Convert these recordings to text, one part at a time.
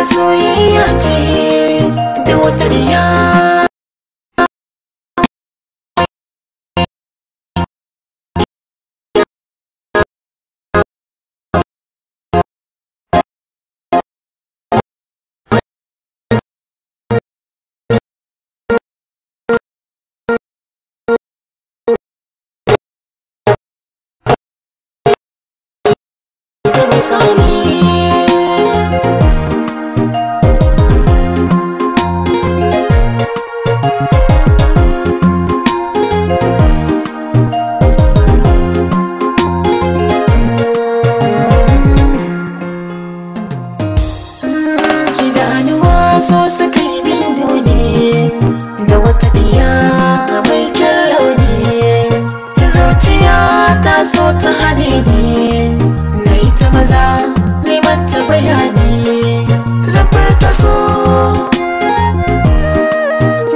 da soyayya ce da wata riya Sunny. so suka yi bindo ne da wata diya mai kyau ne zuciya ta so ta hane ne na yi ta maza neman ta bayani zafar ta so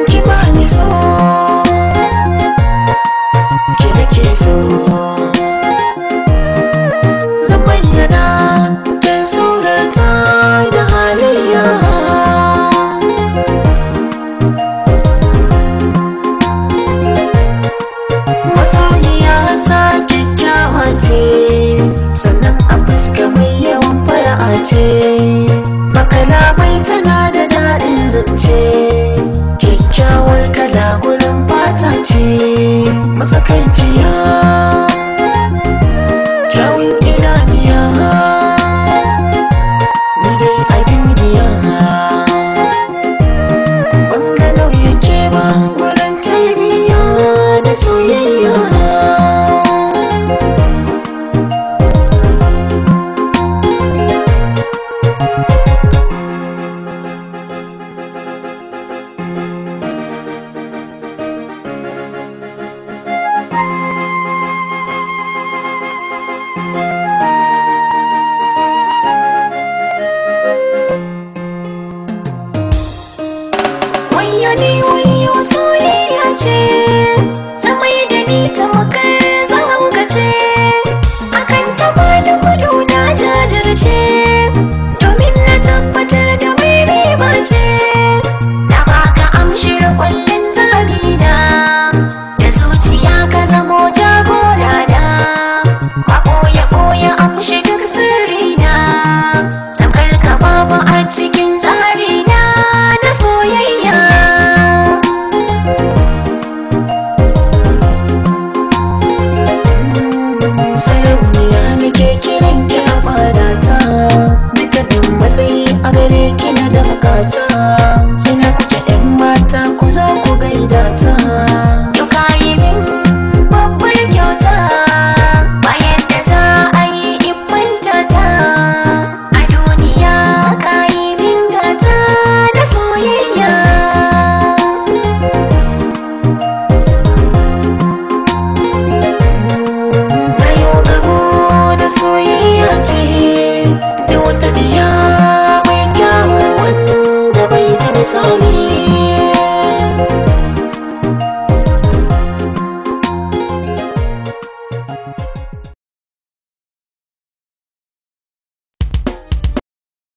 ki ba ni so ce sannan a fuska mai yawan fara'a ce makana mai tana da daɗin zance kyakkyawar kala gurin fata ce matsakaiciya kyawun idaniya ni dai a duniya bangalau yake ba tarbiyya da soyayya a gare kina da bukata sani